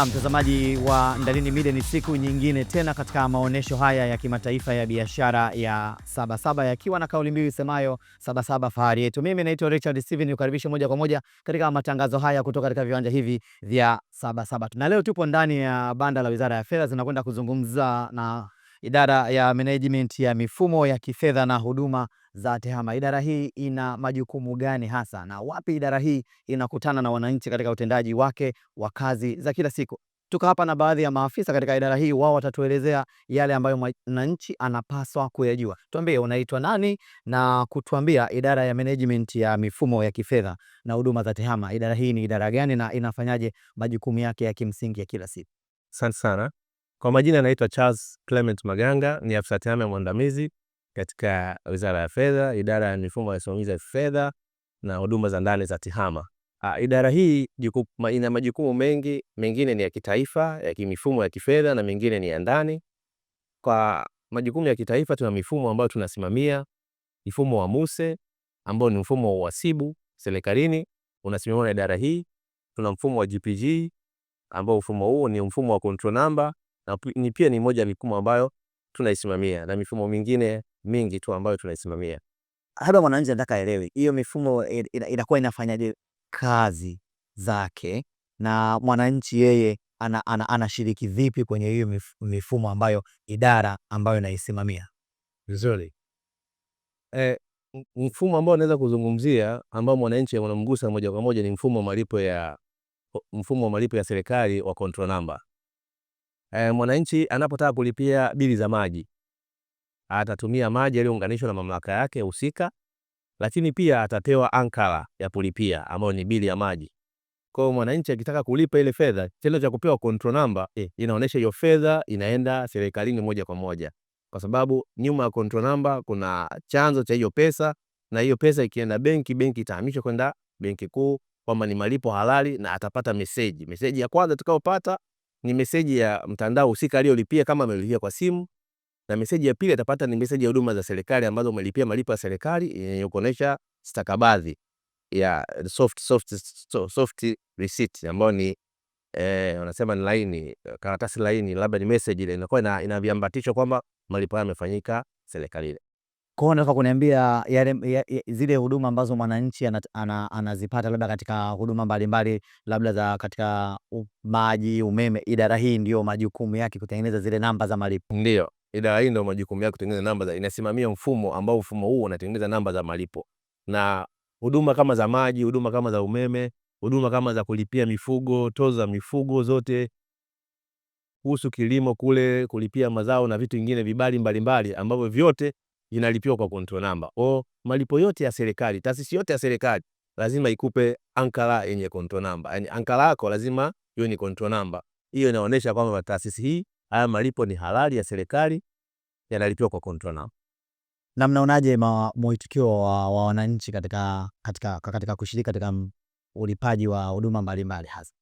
Na mtazamaji wa Ndalini Media, ni siku nyingine tena katika maonyesho haya ya kimataifa ya biashara ya Sabasaba yakiwa na kauli mbiu isemayo Sabasaba fahari yetu. Mimi naitwa Richard Steven, nikukaribishe moja kwa moja katika matangazo haya kutoka katika viwanja hivi vya Sabasaba, na leo tupo ndani ya banda la Wizara ya Fedha, zinakwenda kuzungumza na idara ya management ya mifumo ya kifedha na huduma za TEHAMA. Idara hii ina majukumu gani hasa na wapi idara hii inakutana na wananchi katika utendaji wake wa kazi za kila siku? Tuko hapa na baadhi ya maafisa katika idara hii, wao watatuelezea yale ambayo mwananchi anapaswa kuyajua. Tuambie unaitwa nani, na kutuambia idara ya management ya mifumo ya kifedha na huduma za TEHAMA, idara hii ni idara gani na inafanyaje majukumu yake ya kimsingi ya kila siku? Asante sana. Kwa majina anaitwa Charles Clement Maganga, ni afisa tehama mwandamizi katika Wizara ya Fedha, idara ya mifumo ya usimamizi wa fedha na huduma za ndani za tehama. A, ah, idara hii juku, ma, ina majukumu mengi, mengine ni ya kitaifa ya kimifumo ya kifedha na mengine ni ya ndani. Kwa majukumu ya kitaifa tuna mifumo ambayo tunasimamia, mfumo wa MUSE ambao ni mfumo wa uhasibu serikalini unasimamiwa na idara hii. Tuna mfumo wa GPG ambao mfumo huu ni mfumo wa control number na ni pia ni moja ya mifumo ambayo tunaisimamia na mifumo mingine mingi tu ambayo tunaisimamia. Hapa mwananchi anataka aelewe hiyo mifumo inakuwa inafanyaje kazi zake na mwananchi yeye anashiriki ana, ana vipi kwenye hiyo mifumo ambayo idara ambayo inaisimamia vizuri. E, mfumo ambao naweza kuzungumzia ambao mwananchi anamgusa moja kwa moja ni mfumo wa malipo ya mfumo wa malipo ya serikali wa control number e, mwananchi anapotaka kulipia bili za maji atatumia maji yaliyounganishwa na mamlaka yake husika, lakini pia atapewa ankara ya kulipia ambayo ni bili ya maji. Kwa hiyo mwananchi akitaka kulipa ile fedha, kitendo cha kupewa control number eh, inaonyesha hiyo fedha inaenda serikalini moja kwa moja, kwa sababu nyuma ya control number kuna chanzo cha hiyo pesa, na hiyo pesa ikienda benki, benki itahamishwa kwenda benki kuu kwamba ni malipo halali, na atapata meseji. Meseji ya kwanza tukayopata ni meseji ya mtandao husika aliyolipia kama amelipia kwa simu, na meseji ya pili atapata ni meseji ya huduma za serikali ambazo umelipia malipo ya serikali yenye kuonesha stakabadhi ya soft, soft, soft receipt ambayo ni eh, wanasema ni laini, karatasi laini, labda ni message ile inakuwa ina, kwamba malipo yamefanyika serikalini. Kwa hiyo unaweza kuniambia yale zile huduma ambazo mwananchi anazipata labda katika huduma mbalimbali labda za katika maji, umeme, idara hii ndio majukumu yake kutengeneza zile namba za malipo. Ndio, idara hii ndio majukumu yake kutengeneza namba za, inasimamia mfumo ambao mfumo huu unatengeneza namba za malipo, na huduma kama za maji, huduma kama za umeme, huduma kama za kulipia mifugo, tozo za mifugo zote kuhusu kilimo kule, kulipia mazao na vitu vingine, vibali mbalimbali ambavyo vyote inalipiwa kwa control number. O, malipo yote ya serikali, taasisi yote ya serikali lazima ikupe ankara yenye control number. Yaani ankara yako lazima iwe ni control number. Hiyo inaonyesha kwamba taasisi hii, haya malipo ni halali ya serikali, yanalipiwa kwa control number. Na mnaonaje mwitikio wa, wa wananchi katika, katika, katika kushiriki katika ulipaji wa huduma mbalimbali hasa?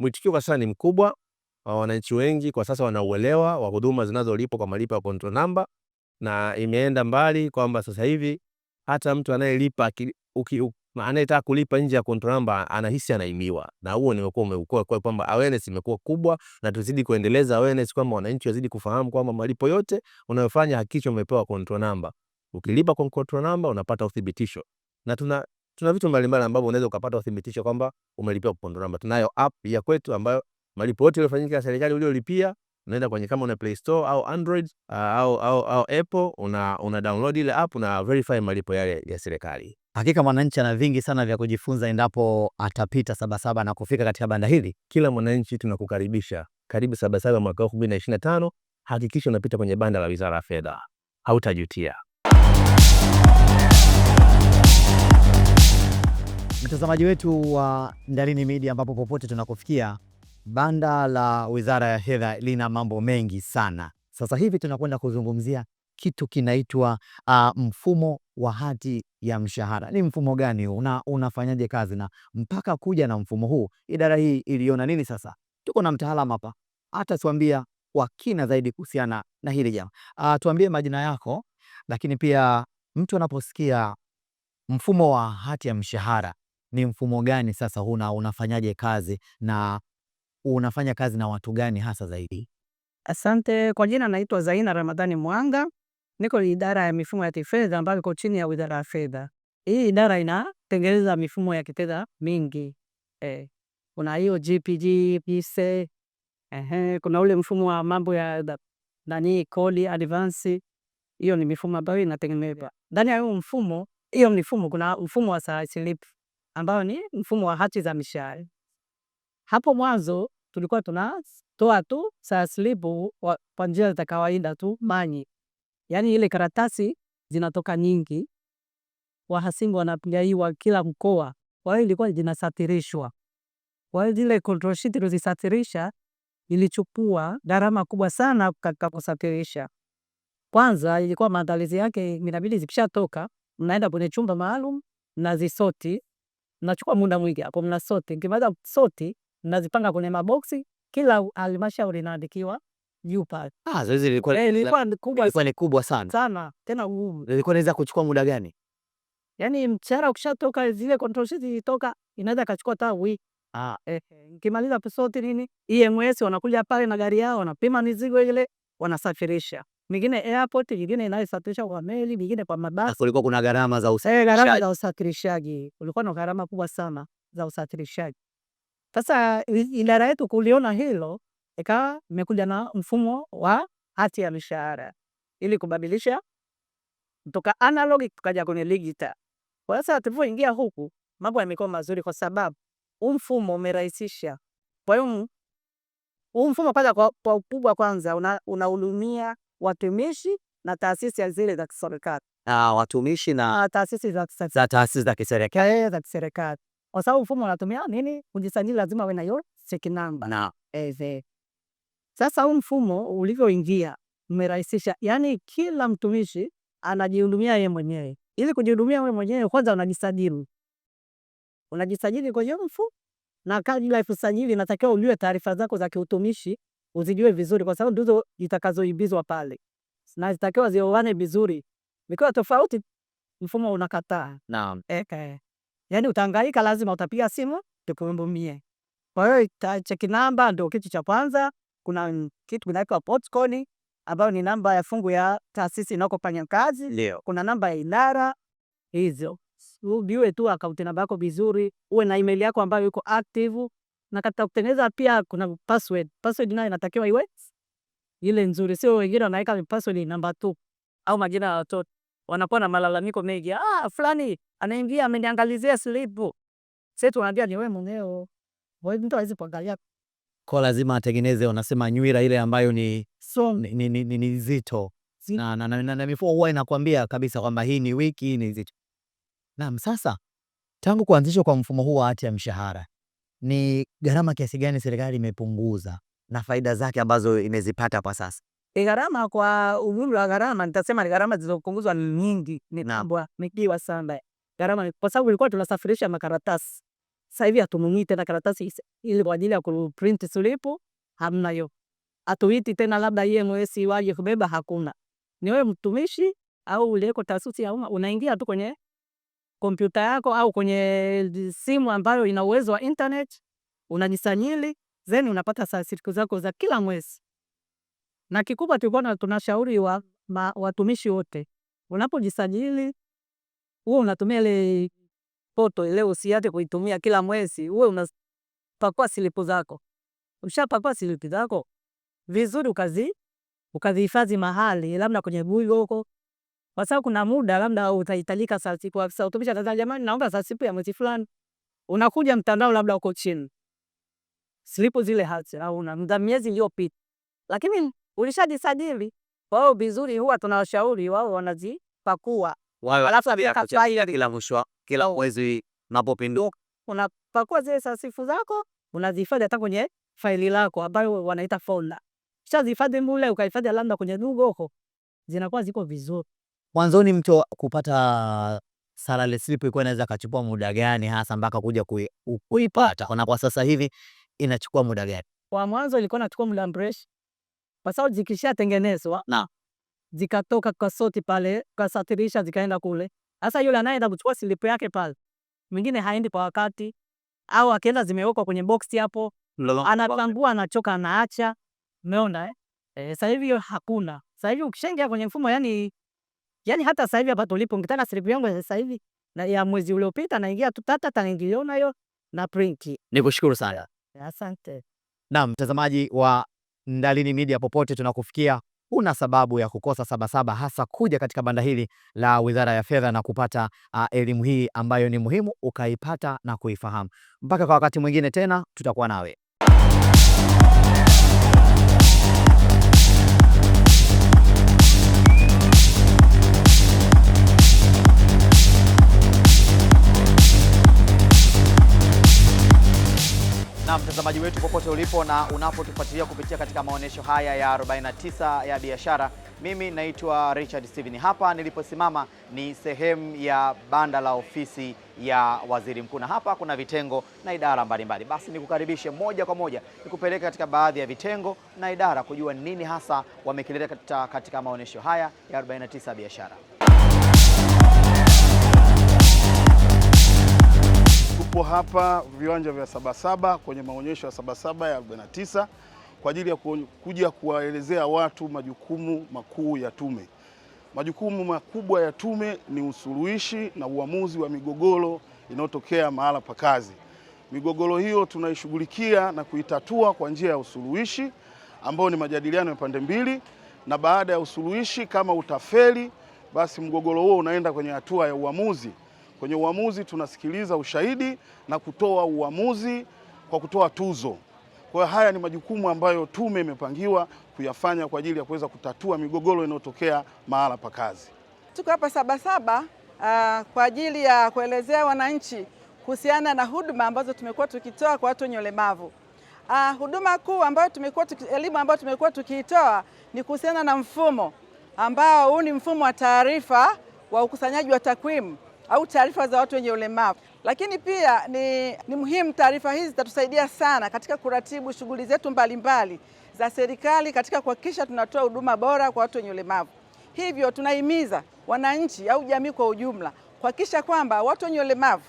Mwitikio kwa sasa ni mkubwa. Wananchi wengi kwa sasa wanauelewa wa huduma zinazolipwa kwa malipo ya control number na imeenda mbali kwamba sasa hivi hata mtu anayelipa anayetaka kulipa nje ya control number anahisi anaimiwa, na huo nimekuwa umeukoa kwa kwamba awareness imekuwa kubwa, na tuzidi kuendeleza awareness kwamba wananchi wazidi kufahamu kwamba malipo yote unayofanya hakikisha umepewa control number. Ukilipa kwa control number unapata uthibitisho, na tuna tuna vitu mbalimbali ambavyo unaweza ukapata uthibitisho kwamba umelipia kwa control number. Tunayo app ya kwetu ambayo malipo yote yaliyofanyika ya serikali uliolipia unaenda kwenye kama una Play Store au Android ah, au, au, au Apple una, una download ile app na verify malipo yale ya serikali. Hakika mwananchi ana vingi sana vya kujifunza endapo atapita Sabasaba na kufika katika banda hili. Kila mwananchi tunakukaribisha, karibu Sabasaba mwaka 2025. Hakikisha unapita kwenye banda la Wizara ya Fedha, hautajutia. Mtazamaji wetu wa Ndalini Media, ambapo popote tunakufikia Banda la Wizara ya Fedha lina mambo mengi sana. Sasa hivi tunakwenda kuzungumzia kitu kinaitwa uh, mfumo wa hati ya mshahara. Ni mfumo gani huu na unafanyaje kazi? Na mpaka kuja na mfumo huu idara hii iliona nini? Sasa tuko na mtaalam hapa, atatuambia kwa kina zaidi kuhusiana na hili jambo. Uh, tuambie majina yako, lakini pia mtu anaposikia mfumo wa hati ya mshahara ni mfumo gani sasa huna unafanyaje kazi na unafanya kazi na watu gani hasa zaidi? Asante. Kwa jina naitwa Zaina Ramadhani Mwanga, niko idara ya mifumo ya kifedha ambayo iko chini ya wizara ya fedha. Hii idara inatengeneza mifumo ya kifedha mingi eh. Kuna hiyo GPG, PISA, eh, kuna ule mfumo wa mambo ya nani koli advance. Hiyo ni mifumo ambayo inatengenezwa ndani ya huo mfumo. Hiyo mifumo kuna mfumo wa SASLIP ambayo ni mfumo wa hati za mishahara. Hapo mwanzo tulikuwa tunatoa tu saa slipu kwa njia za kawaida tu manyi, yaani ile karatasi zinatoka nyingi, wahasibu wanapigaiwa kila mkoa, kwa hiyo ilikuwa zinasafirishwa. Kwa hiyo zile control sheet tulizisafirisha, ilichukua gharama kubwa sana katika kusafirisha. Kwanza ilikuwa maandalizi yake inabidi zikishatoka, mnaenda kwenye chumba maalum, mnazisoti, mnachukua muda mwingi hapo mnasoti, mkimaliza soti nazipanga kwenye maboksi, kila halmashauri inaandikiwa juu pale. Ah, zoezi lilikuwa eh, lilikuwa kubwa lilikuwa ni kubwa sana sana, tena gumu. Lilikuwa inaweza kuchukua muda gani? Yani mchara ukishatoka zile control sheet zilitoka, inaweza kachukua hata wiki. Ah, eh, nikimaliza nini, EMS wanakuja pale na gari yao, wanapima mizigo ile, wanasafirisha mingine airport, mingine inayosafirisha kwa meli, mingine kwa mabasi. Ah, kulikuwa kuna gharama za usafirishaji, eh, gharama za usafirishaji, kulikuwa na gharama kubwa sana za usafirishaji. Sasa idara yetu kuliona hilo, ikawa imekuja na mfumo wa hati ya mishahara ili kubadilisha kutoka analog tukaja kwenye digital. Kwa sasa tulipoingia huku mambo yamekuwa mazuri, kwa sababu huu mfumo umerahisisha. Kwa hiyo huu mfumo kwanza, kwa ukubwa kwanza, unahudumia una watumishi na taasisi zile za kiserikali, ah, watumishi na ah, taasisi za kiserikali. Eh, kwa sababu mfumo unatumia ah, nini? Kujisajili lazima uwe na hiyo check number na eze. Sasa huu mfumo ulivyoingia umerahisisha, yani kila mtumishi anajihudumia yeye mwenyewe. Ili kujihudumia wewe mwenyewe, kwanza unajisajili, unajisajili kwenye mfumo na kabla ya kusajili natakiwa ujue taarifa zako za kiutumishi uzijue vizuri, kwa sababu ndizo zitakazoibizwa pale na zitakiwa zioane vizuri. Vikiwa tofauti, mfumo unakataa. Naam. Eke. Yaani utahangaika lazima utapiga simu tukuhudumie. Kwa hiyo check namba ndio kitu cha kwanza. Kuna kitu kinaitwa postcode ambayo ni namba ya fungu ya taasisi inakofanya kazi. Leo. Kuna namba ya idara hizo. Ujue tu account namba yako vizuri, uwe na email yako ambayo iko active na katika kutengeneza pia kuna password. Password nayo inatakiwa iwe ile nzuri, sio wengine wanaweka password namba tu au majina ya watoto. Wanakuwa na malalamiko mengi, ah, fulani Anaingia ameniangalizia slipu. Sasa tunaambia ni wewe mwenyewe. Wewe mtu hawezi kuangalia. Kwa lazima atengeneze unasema nywira ile ambayo ni so, ni ni, ni, nzito. Na na, na, na, na mifuo huwa inakwambia kabisa kwamba hii ni wiki, hii ni zito. Naam, sasa tangu kuanzishwa kwa mfumo huu wa hati ya mshahara ni gharama kiasi gani serikali imepunguza na faida zake ambazo imezipata kwa sasa? E, gharama kwa ujumla wa gharama nitasema ni gharama zilizopunguzwa ni nyingi, ni kubwa, ni kiwa sana gharama, kwa sababu ilikuwa tunasafirisha makaratasi. Sasa hivi hatununui tena karatasi ili kwa ajili ya kuprint slip, hamna hiyo. Hatuiti tena labda EMS waje kubeba, hakuna. Ni wewe mtumishi au uliyeko taasisi ya umma unaingia tu kwenye kompyuta yako au kwenye simu ambayo ina uwezo wa internet, unajisajili then unapata siku zako za kila mwezi. Na kikubwa tulikuwa tunashauri wa, watumishi wote unapojisajili uwe unatumia ile poto ile, usiache kuitumia kila mwezi, uwe unapakua silipu zako. Ushapakua silipu zako vizuri, ukazi ukazihifadhi mahali labda kwenye bui huko, kwa sababu kuna muda labda utahitajika saa siku, afisa utumisha tazama, jamani, naomba saa siku ya mwezi fulani, unakuja mtandao labda uko chini, silipu zile hazi au una muda miezi iliyopita, lakini ulishajisajili. Kwa hiyo vizuri, huwa tunawashauri wao wanazipakua kila mwisho kila mwezi unapopinduka unapakua zile sasifu zako unazihifadhi hata kwenye faili lako ambayo wanaita folder. Ukishazihifadhi mule ukahifadhi labda kwenye Google huko zinakuwa ziko vizuri. Mwanzoni mtu kupata salary slip ilikuwa inaweza kachukua muda gani hasa mpaka kuja kuipata, na kwa sasa hivi inachukua muda gani? Kwa mwanzo ilikuwa inachukua muda mrefu, kwa sababu zikishatengenezwa zikatoka kwa soti pale, kwa satirisha zikaenda kule. Sasa yule anayeenda kuchukua silipu yake pale, mwingine haendi kwa wakati, au akienda zimewekwa kwenye box hapo, anatangua, anachoka, anaacha. Umeona eh? E, sasa hivi hakuna. Sasa hivi ukishaingia kwenye mfumo yani, yani hata sasa hivi hapa tulipo nikitaka silipu yangu sasa hivi na ya mwezi uliopita naingia tu tata tanaingiliona hiyo na print. Nikushukuru sana. Asante. Naam, mtazamaji wa Ndalini Media popote tunakufikia huna sababu ya kukosa Sabasaba, hasa kuja katika banda hili la Wizara ya Fedha na kupata uh, elimu hii ambayo ni muhimu ukaipata na kuifahamu. Mpaka kwa wakati mwingine tena, tutakuwa nawe. na mtazamaji wetu popote ulipo na unapotufuatilia kupitia katika maonyesho haya ya 49 ya biashara, mimi naitwa Richard Steven. Hapa niliposimama ni sehemu ya banda la ofisi ya waziri mkuu, na hapa kuna vitengo na idara mbalimbali. Basi nikukaribishe moja kwa moja, nikupeleke katika baadhi ya vitengo na idara kujua nini hasa wamekileta katika maonyesho haya ya 49 ya biashara. Tupo hapa viwanja vya Sabasaba kwenye maonyesho ya Sabasaba ya 49 kwa ajili ya kuja kuwaelezea watu majukumu makuu ya tume. Majukumu makubwa ya tume ni usuluhishi na uamuzi wa migogoro inayotokea mahala pa kazi. Migogoro hiyo tunaishughulikia na kuitatua kwa njia ya usuluhishi ambayo ni majadiliano ya pande mbili, na baada ya usuluhishi, kama utafeli, basi mgogoro huo unaenda kwenye hatua ya uamuzi Kwenye uamuzi tunasikiliza ushahidi na kutoa uamuzi kwa kutoa tuzo. Kwa hiyo haya ni majukumu ambayo tume imepangiwa kuyafanya kwa ajili ya kuweza kutatua migogoro inayotokea mahala pa kazi. Tuko hapa Sabasaba uh, ah, kwa ajili ya kuelezea wananchi kuhusiana na huduma ambazo tumekuwa tukitoa kwa watu wenye ulemavu. Uh, huduma kuu ambayo tumekuwa elimu ambayo tumekuwa tukiitoa ni kuhusiana na mfumo ambao huu ni mfumo wa taarifa wa ukusanyaji wa takwimu au taarifa za watu wenye ulemavu. Lakini pia ni, ni muhimu taarifa hizi zitatusaidia sana katika kuratibu shughuli zetu mbalimbali za serikali katika kuhakikisha tunatoa huduma bora kwa watu wenye ulemavu. Hivyo tunahimiza wananchi au jamii kwa ujumla kuhakikisha kwamba watu wenye ulemavu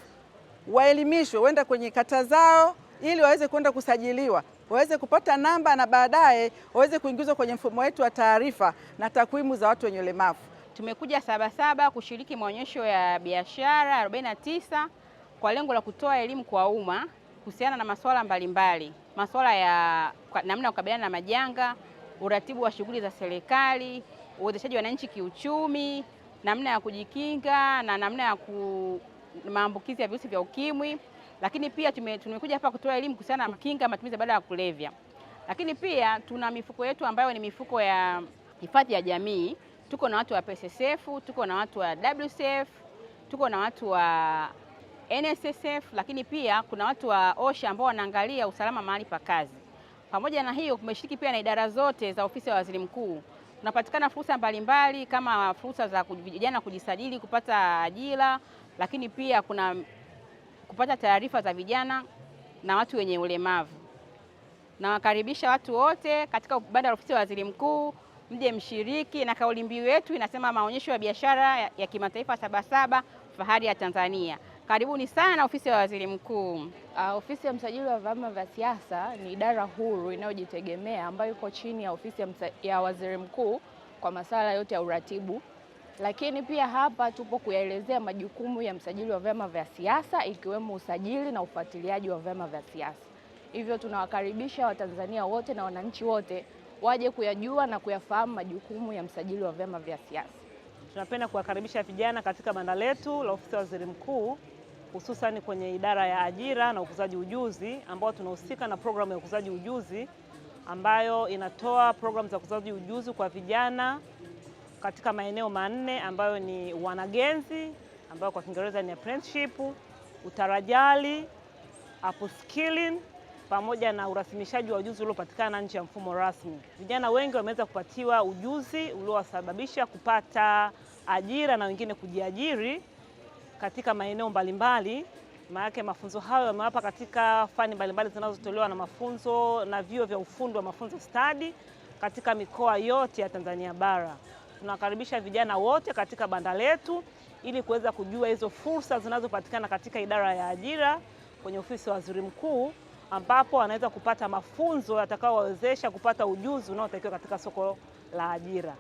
waelimishwe, waenda kwenye kata zao ili waweze kwenda kusajiliwa waweze kupata namba na baadaye waweze kuingizwa kwenye mfumo wetu wa taarifa na takwimu za watu wenye ulemavu. Tumekuja Sabasaba kushiriki maonyesho ya biashara 49 kwa lengo la kutoa elimu kwa umma kuhusiana na masuala mbalimbali, masuala ya namna ya kukabiliana na majanga, uratibu wa shughuli za serikali, uwezeshaji wananchi kiuchumi, namna ya kujikinga na namna ya ku maambukizi ya virusi vya ukimwi, lakini pia tumekuja hapa kutoa elimu kuhusiana na kinga matumizi baada ya kulevya, lakini pia tuna mifuko yetu ambayo ni mifuko ya hifadhi ya jamii tuko na watu wa PSSF, tuko na watu wa WCF, tuko na watu wa NSSF, lakini pia kuna watu wa OSHA ambao wanaangalia usalama mahali pa kazi. Pamoja na hiyo, kumeshiriki pia na idara zote za ofisi ya waziri mkuu. Tunapatikana fursa mbalimbali kama fursa za vijana kujisajili kupata ajira, lakini pia kuna kupata taarifa za vijana na watu wenye ulemavu. Nawakaribisha watu wote katika banda la ofisi ya waziri mkuu mje mshiriki, na kauli mbiu yetu inasema maonyesho ya biashara ya, kimataifa Sabasaba, fahari ya Tanzania. Karibuni sana ofisi ya waziri mkuu. Uh, ofisi ya msajili wa vyama vya siasa ni idara huru inayojitegemea ambayo iko chini ya ofisi ya, ya waziri mkuu kwa masuala yote ya uratibu, lakini pia hapa tupo kuyaelezea majukumu ya msajili wa vyama vya siasa ikiwemo usajili na ufuatiliaji wa vyama vya siasa. Hivyo tunawakaribisha Watanzania wote na wananchi wote waje kuyajua na kuyafahamu majukumu ya msajili wa vyama vya siasa. Tunapenda kuwakaribisha vijana katika banda letu la ofisi ya waziri mkuu, hususan kwenye idara ya ajira na ukuzaji ujuzi, ambao tunahusika na programu ya ukuzaji ujuzi ambayo inatoa programu za ukuzaji ujuzi kwa vijana katika maeneo manne ambayo ni wanagenzi, ambayo kwa Kiingereza ni apprenticeship, utarajali, upskilling pamoja na urasimishaji wa ujuzi uliopatikana nje ya mfumo rasmi. Vijana wengi wameweza kupatiwa ujuzi uliowasababisha kupata ajira na wengine kujiajiri katika maeneo mbalimbali. Maanake mafunzo hayo yamewapa katika fani mbalimbali zinazotolewa na mafunzo na vyuo vya ufundi wa mafunzo stadi katika mikoa yote ya Tanzania bara. Tunawakaribisha vijana wote katika banda letu ili kuweza kujua hizo fursa zinazopatikana katika idara ya ajira kwenye ofisi ya Waziri Mkuu ambapo anaweza kupata mafunzo yatakayowawezesha kupata ujuzi unaotakiwa katika soko la ajira.